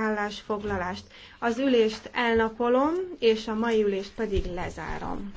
állásfoglalást. Az ülést elnapolom, és a mai ülést pedig lezárom.